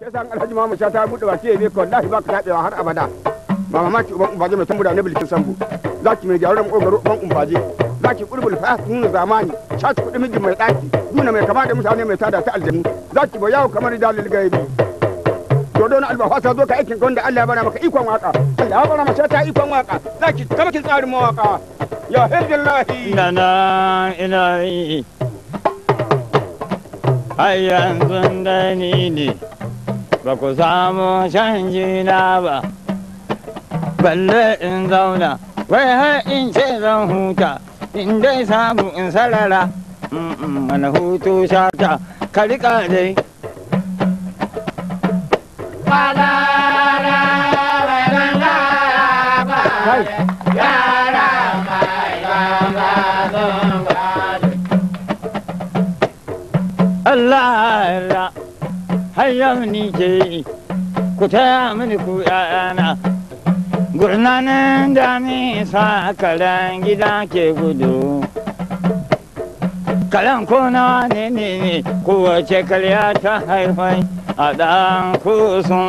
sai san alhaji mamu sha ta bude baki yayi ka wallahi baka tabewa har abada ba mamaki uban umbaje mai tambuda ne bilkin sambo zaki mai gyaran kogaro uban umbaje zaki kurbul fasin zamani sha ta kudi mijin mai daki duna mai kama da mutane mai tada ta aljanu zaki bayawo kamar dalil gaibi dodo na albafa ta zo ka aikin wanda Allah ya bana maka ikon waka Allah ya bana maka ta ikon waka zaki kamakin tsarin mawaka ya hirdillahi na na ina yi yanzu ne ba ku samu canji na ba balle in zauna wai har in ce zan huta in dai samu in sarara mana hutu shata ka rika dai Bye. har yau ni ke yi ku taya mini ku ‘ya'yana gurnanin dami sa karen gida ke gudu kalan kuna ne ne ne kowace karya ta haifai a ɗan kusun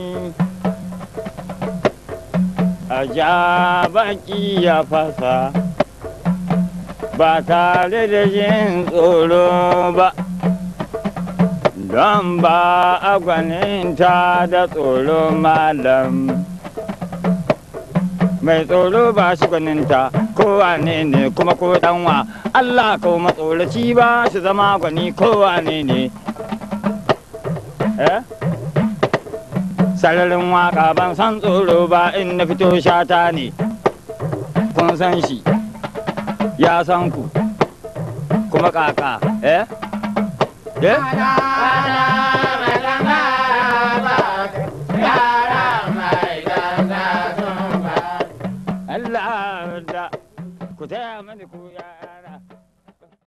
a ja baki ya fasa ba tare da jin tsoro ba don ba a gwaninta da tsoro malam mai tsoro ba shi gwaninta kowa ne kuma ko danwa Allah kawo matsoraci ba shi zama gwani ne ne eh sararin waka ban san tsoro ba in na fito shata ne kun san shi ya san ku kuma kaka eh eh Allah da ku taya mani ku ya